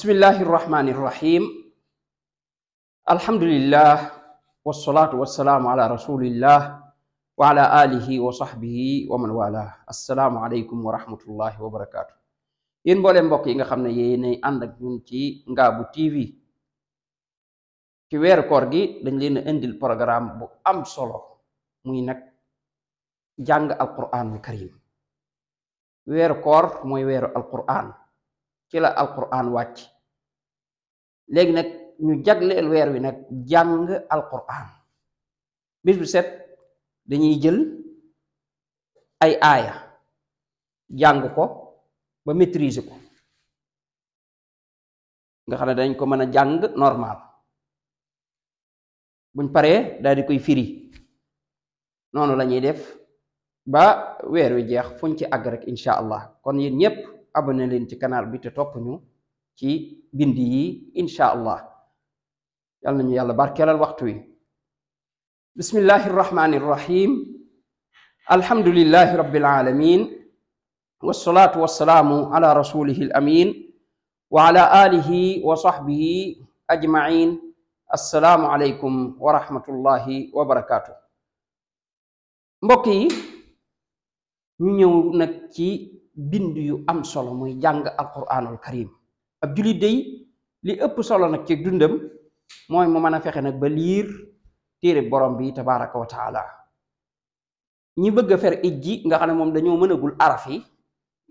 bismillahi irrahmani irrahim alhamdulillah wasalaatu wasalaamu ala rasulillah wa ala alihi wa sahbihi wa man wala assalaamu aleykum wa rahmatullahi wa barakaatu yéen mbooleem mbokk yi nga xam ne yéenay ànd ak ñun ci Ngaabu TV ci weeru koor gi dañ leen a indil programme bu am solo muy nag jàng alquraanul karim weeru koor mooy weeru alquraan ci la alquraan wàcc léegi nag ñu jagleel weer wi nag jàng alquran bis bu set dañuy jël ay aaya jàng ko ba maîtriser ko nga xam ne dañ ko mën a jàng normal buñ paree daal di koy firi noonu la ñuy def ba weer wi jeex fuñ ci àgg rek incha allah kon yéen ñëpp abonné leen ci canal bi te topp ci bind yi incha allah yal nañu yàlla barkeelal waxtu wi bismillahi irrahmani irrahim alhamdulillahi rabbil alamin wasalaatu wasalaamu ala rasulihi al amin wa ala alihi wa sahbihi ajmain assalaamu aleykum wa rahmatullahi wa barakaatu mbokk yi ñu ñëw nag ci bind yu am solo muy jàng alquranul karim ab jullit day li ëpp solo nag ci dundam mooy mu mën a fexe nag ba liir téere borom bi tabaraka wa ñi bëgg a fer ji nga xam ne moom dañoo mënagul araf yi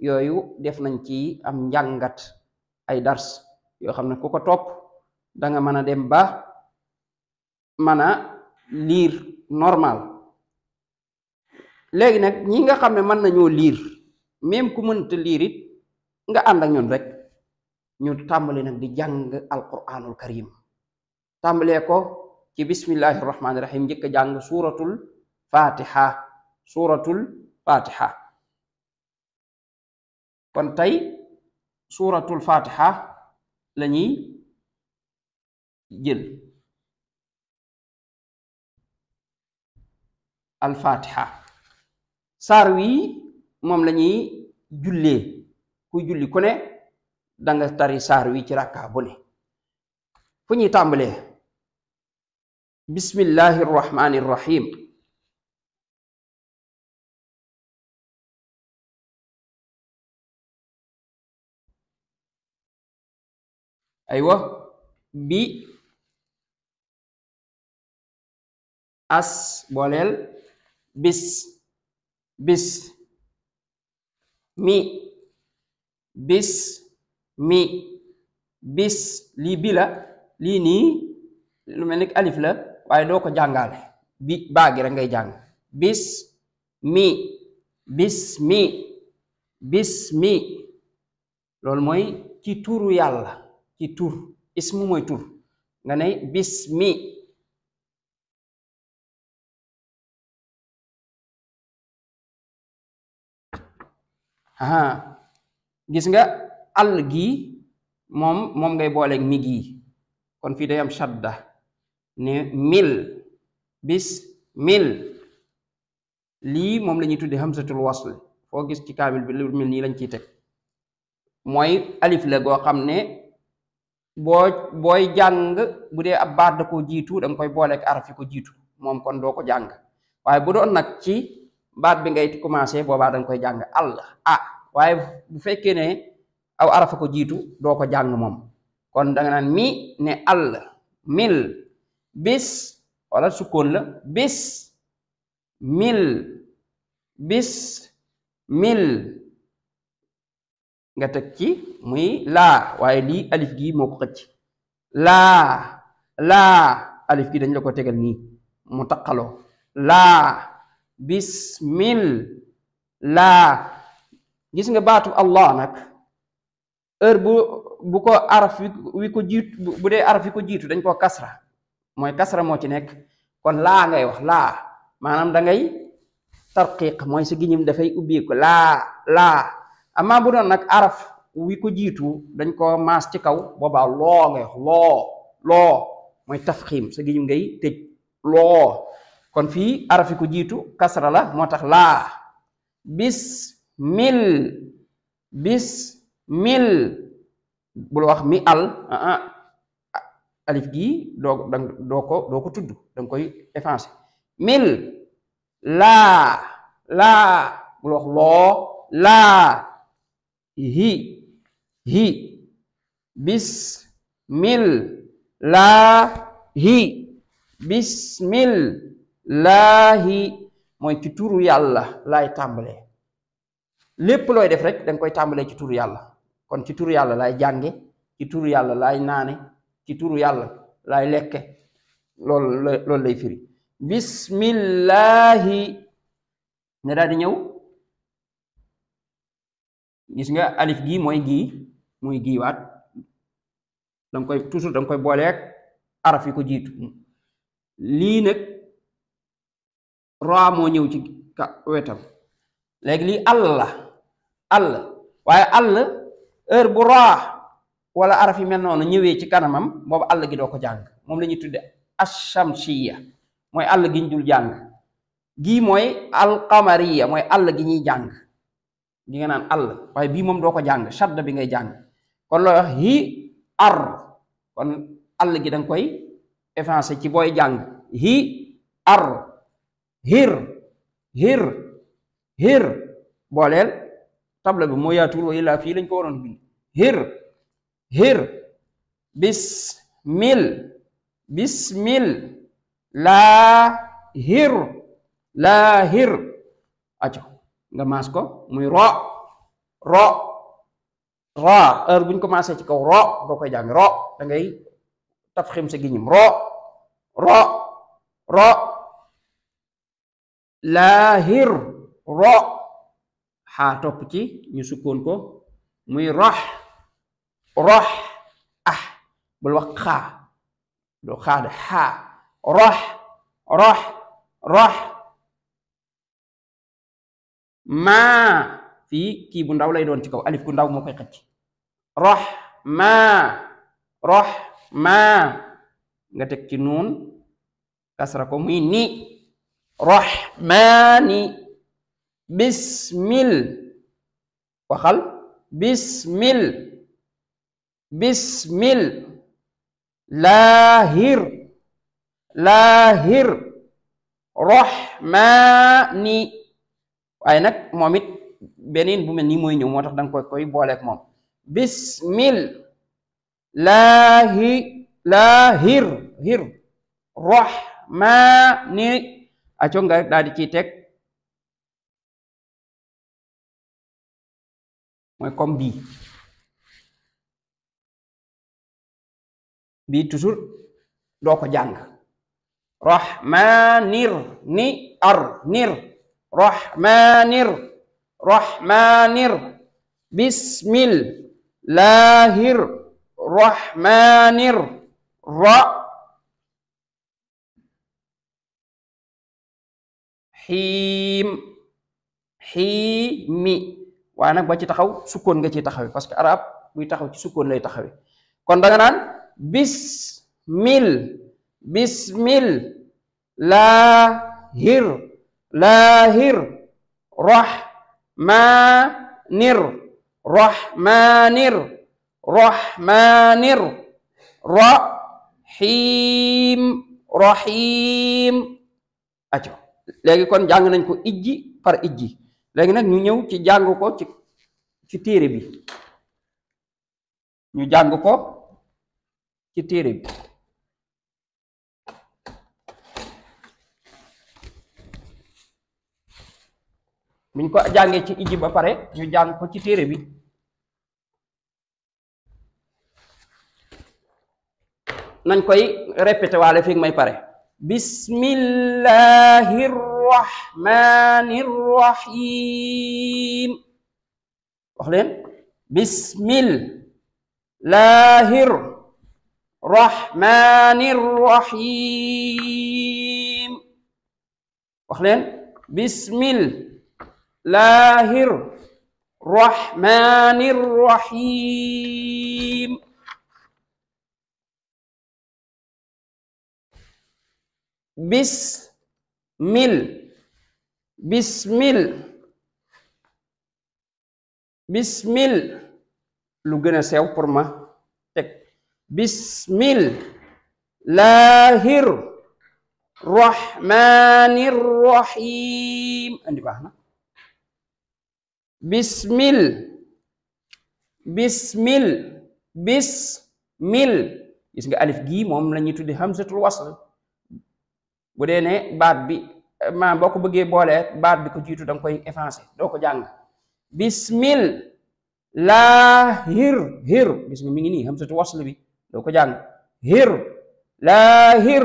yooyu def nañ ci am njàngat ay dars yoo xam ne ku ko topp danga mën a dem ba mën a liir normal léegi nag ñi nga xam ne mën nañoo liir même ku mënta liirit nga ànd ak ñun rek ñu tàmbali nag di jàng alquranul karim tàmbalee ko ci bismillahi rahmaani rahim njëkk jàng suuratul fatiha suuratul fatiha kon tey suuratul fatiha la ñuy jël alfatiha saar wi moom lañuy ñuy jullee kuy julli ku ne da nga saar wi ci rakka bu ne fu ñuy tàmbalee bismillahi rrahmani bi as booleel bis bis mi bis mi bis lii bi la lii nii lu mel ni alif la waaye doo ko jàngaale bi baa gi ngay jàng bis mi bis mi bis mi loolu mooy ci tuuru yàlla ci tur ismu mooy tur nga ne bis mi gis nga al gi moom moom ngay booleek mi gii kon fii day am shadda ne mil bis mil lii moom la ñuy tuddee hamzatul wasl foo gis ci kaamil bi lu mel nii lañ ciy teg mooy alif la goo xam ne boo booy jàng bu dee ab baat da ko jiitu da koy booleeg araf ko jiitu moom kon doo ko jàng waaye bu doon nag ci baat bi ngay commencé boobaa da koy jàng al a waaye bu fekkee ne aw arafa ko jiitu doo ko jàng moom kon da naan mi ne àll mil bis wala sukkoon la bis mil bis mil nga teg ci muy laa waaye lii alif gi moo ko xëcc laa laa alif gi dañ la ko tegal nii mu taqaloo laa bismil laa gis nga baatu allah nag heure bu bu ko araf wi ko jiitu bu dee araf wi ko jiitu dañ koo kasra mooy kasra moo ci nekk kon laa ngay wax laa maanaam dangay ngay tarqiq mooy sa giñim dafay ubbeeku laa laa amaa bu doon nag araf wi ko jiitu dañ koo maas ci kaw boobaa loo ngay wax loo loo mooy tafxiim sa giñim ngay tëj loo kon fii araf wi ko jiitu kasra la moo tax laa bis mil bis mil bul wax mi al ah, ah alif gii doo doo ko doo ko tudd danga koy effacé mil laa laa bul wax loo laa hi hi bis mil laa hi mil laahi mooy ci turu yàlla laay tàmbalee lépp looy def rek danga koy tàmbalee ci turu yàlla kon ci turu yàlla laay jànge ci turu yàlla laay naane ci turu yàlla laay lekke loolu loolu lay firi bismillahi nga daal di ñëw gis nga alif gi mooy gii mooy gii waat danga koy toujours danga koy booleek arab yi ko jiitu lii nag raa moo ñëw ci wetam léegi lii àll la waaye àll heure bu raa wala araf yi mel noonu ñëwee ci kanamam boobu àll gi doo ko jàng moom la ñuy tudde ashamsiya mooy àll gi ñu dul jàng gii mooy alqamariya mooy àll gi ñuy jàng gi nga naan àll waaye bii moom doo ko jàng shadda bi ngay jàng kon looy wax hi ar kon àll gi danga koy effacé ci booy jàng hi ar hir hir hir booleel tabla bi moo yaatuwul wa illaa fii lañ ko waroon bind hir hir bismil bismil laa hir laa hir aco nga maas ko muy ro ro ra heure buñ ko maasee ci kaw ro nga koy jàngi ro da ngay taf xim sa giñim ro ro ro laa hir ro xaa topp ci ñu sukkoon ko muy rox rox ah bul wax xaa doo xaa de xaa rox rox rox maa fii kii bu ndaw lay doon ci kaw alif ku ndaw moo koy xëcc rox maa rox maa nga teg ci nuun kasra ko muy ni rox maa ni bismil waxal bismil bismil laahir laahir roxmaani waaye nag moom it beneen bu mel nii mooy ñëw moo tax danga koy koy booleeg moom bismil laahi laahir hir roxmaani aco nga daal di ciy teg mooy comme bii bii toujours doo ko jàng rahmanir ni ar nir rahmanir rahmanir bismil laahir rahmanir ra xiim xiimi waa nag ba ci taxaw sukkoon nga ciy taxawee parce que arab buy taxaw ci sukkoon lay taxawee kon da nga naan bismil bismil laahir laahir rahmanir rahmanir rahmanir rahim rahim léegi kon jàng nañ ko ijji par ijji léegi nag ñu ñëw ci jàng ko ci téere bi ñu jàng ko ci téere bi buñ ko jàngee ci ijib ba pare ñu jàng ko ci téere bi nañ koy répété waale fi may pare bismillahir الرحمن الرحيم وخلين بسم الله الرحمن الرحيم وخلين بسم الله الرحمن الرحيم بسم mill bismil bismil lu gën a sew pour ma teg bismil laahir rahmanir rahim andi baax na bismil bismil bismil gis nga alif gii moom la ñuy tudde hamzatul wasl bu dee ne baat bi maanaam boo ko bëggee boole baat bi ko jiitu da koy effacé doo ko jàng bismil laa hir hir gis nga bi doo ko jàng hir laa hir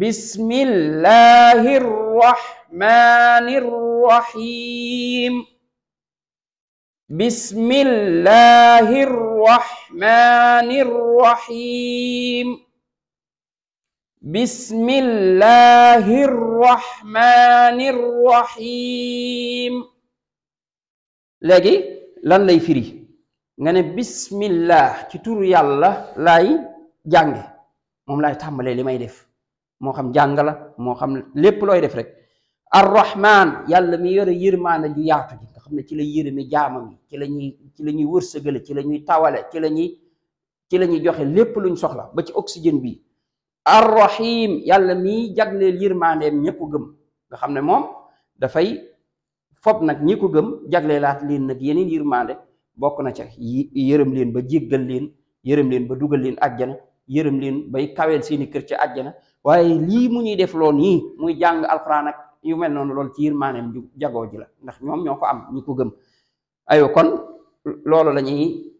bismillahi rrahmani rrahim bismillahi rrahmani بسم الله الرحمن الرحيم léegi lan lay firi nga ne bismillah ci turu yàlla lay jànge moom laay tàmbalee li may def moo xam jàngala moo xam lépp looy def rek arrahman yàlla mi yore yërmaana ju yaatu ji nga xam ne ci la yërëme jaamam ci la ñuy ci la ñuy wërsëgale ci la ñuy tawale ci la ñuy ci la ñuy joxe lépp luñ soxla ba ci oxygène bi arrahim yàlla mii jagleel yërmandeem ñëpp gëm nga xam ne moom dafay fob nag ñi ko gëm jagleelaat liin nag yeneen yërmande bokk na ca yërëm leen ba jéggal leen yërëm leen ba dugal leen àjjana yërëm leen bay kaweel seeni kër ca àjjana waaye lii mu ñuy def lool nii muy jàng alxuraan ak yu mel noonu lool ci yërmandeem ju jagoo ji la ndax ñoom ñoo ko am ñi ko gëm ayo kon loolu lañuy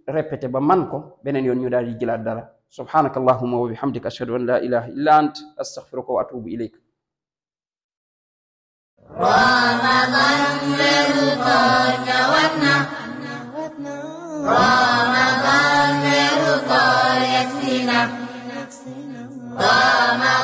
ñuy ba man ko beneen yoon ñu daal di jëlaat dara subhanaka allahuma wa bihamdika ashhadu an la ilaha illa ant astaghfiruka wa atubu ilayk رمضان رضا يكفينا رمضان